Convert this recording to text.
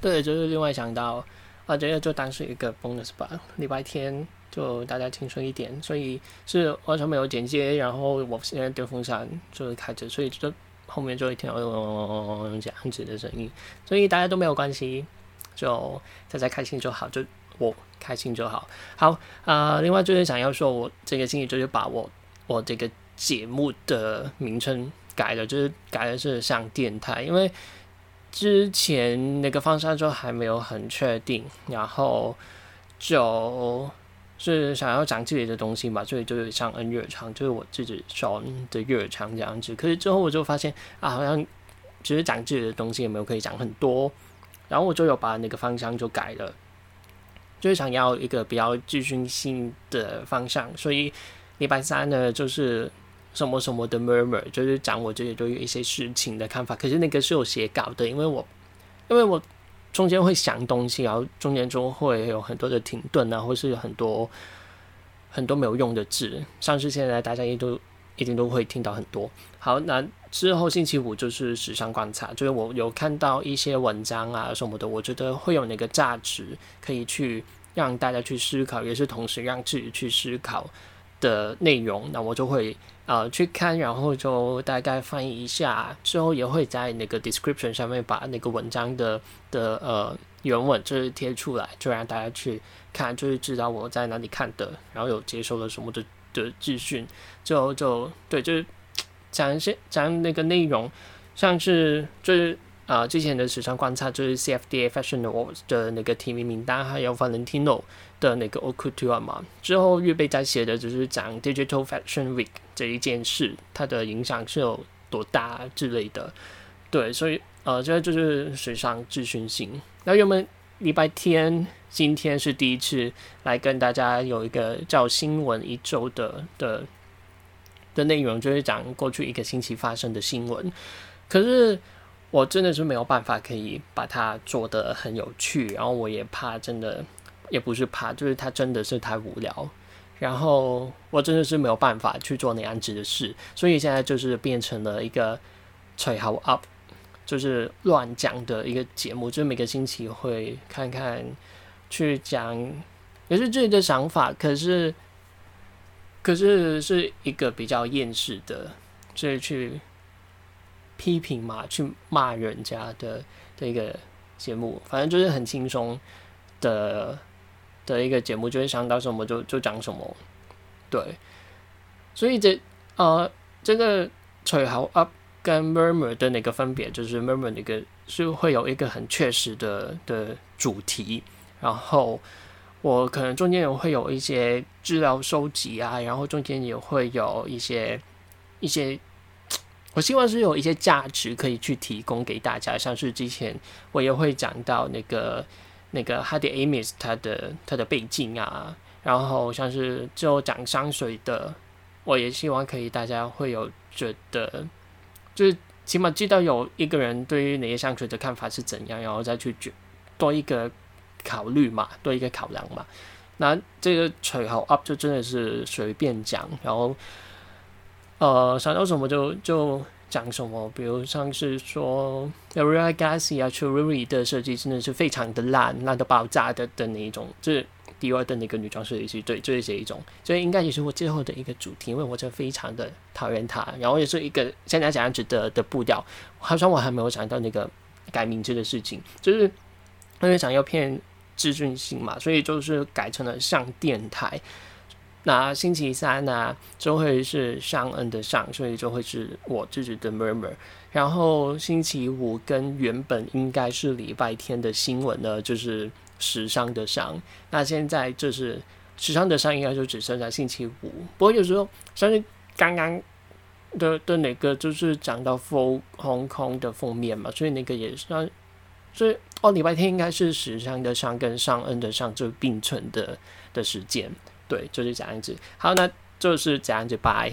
對，就是另外想到啊，這個就當是一個 bonus 吧。禮拜天就大家輕鬆一點，所以是完全沒有剪接。然後我現在電風扇就是開着，所以就後面就會聽到嗡嗡嗡嗡這樣子的聲音，所以大家都沒有關係，就大家開心就好，就我開心就好。好啊、呃，另外就是想要說，我這個星期就是把我我這個節目的名稱改了，就是改的是像電台，因為。之前那個方向就還沒有很確定，然後就，就是想要講自己的東西嘛，所以就是上恩樂場，就是我自己說的樂場這樣子。可是之後我就發現啊，好像只是講自己的東西，也沒有可以講很多。然後我就有把那個方向就改了，就是想要一個比較資訊性的方向。所以禮拜三呢，就是。什麼什麼的 murmur，就是講我這些都有一些事情的看法。可是那個是有寫稿的，因為我，因為我中間會想東西，然後中間中會有很多的停頓啊，或是有很多很多沒有用的字，像是現在大家也都一定都會聽到很多。好，那之後星期五就是時尚觀察，就是我有看到一些文章啊什麼的，我覺得會有那個價值，可以去讓大家去思考，也是同時讓自己去思考。的內容，那我就會呃去看，然後就大概翻譯一下，之後也會在那個 description 上面把那個文章的的呃原文就是貼出來，就讓大家去看，就是知道我在哪裡看的，然後有接受了什麼的的資訊，之後就對，就是講一些講，講那個內容，像是就是。啊、呃，之前的時尚觀察就是 CFDA Fashion Awards 的那個提名名單，還有 Valentino 的那個 Ocultura 嘛。之後預備再寫的就是講 Digital Fashion Week 這一件事，它的影響是有多大之類的。對，所以呃，這個就是時尚資訊性。那我們禮拜天今天是第一次來跟大家有一個叫新聞一周的的的內容，就是講過去一個星期發生的新聞，可是。我真的是沒有辦法可以把它做得很有趣，然後我也怕，真的也不是怕，就是它真的是太無聊，然後我真的是沒有辦法去做那樣子的事，所以現在就是變成了一個最好我 up，就是亂講的一個節目，就是每個星期會看看去講，也是自己的想法，可是可是是一個比較厭世的，所以去。批評嘛，去罵人家的的一個節目，反正就是很輕鬆的的一個節目，就是想到什麼就就講什麼，對。所以這啊、呃，這個好 up 跟 murmur 的那個分別，就是 murmur 的一個是會有一個很確實的的主題，然後我可能中間也會有一些資料收集啊，然後中間也會有一些一些。我希望是有一些價值可以去提供給大家，像是之前我也會講到那個那個哈迪·艾米斯他的他的背景啊，然後像是就講香水的，我也希望可以大家會有覺得，就是起碼知道有一個人對於哪些香水的看法是怎樣，然後再去決多一個考慮嘛，多一個考量嘛。那這個吹好 up 就真的是隨便講，然後。呃，想到什麼就就講什麼，比如像是說 Maria Grazia 啊 Chiuri 的設計真的是非常的爛，爛到爆炸的的那一種，就是 Dior 的那個女裝設計師，對，就是這一種，所以應該也是我最後的一個主題，因為我就非常的討厭它，然後也是一個現在這樣子的的步調，好像我還沒有想到那個改名字的事情，就是因為想要偏資訊性嘛，所以就是改成了像電台。那星期三呢、啊，就會是上恩、嗯、的上，所以就會是我自己的 murmur。然後星期五跟原本應該是禮拜天的新聞呢，就是時尚的上。那現在就是時尚的上，應該就只剩下星期五。不過有時候像是剛剛的的那個，就是講到《For Hong Kong》的封面嘛，所以那個也算。所以哦，禮拜天應該是時尚的上跟上恩、嗯、的上就並存的的時間。對，就是這樣子。好，那就是這樣子，拜。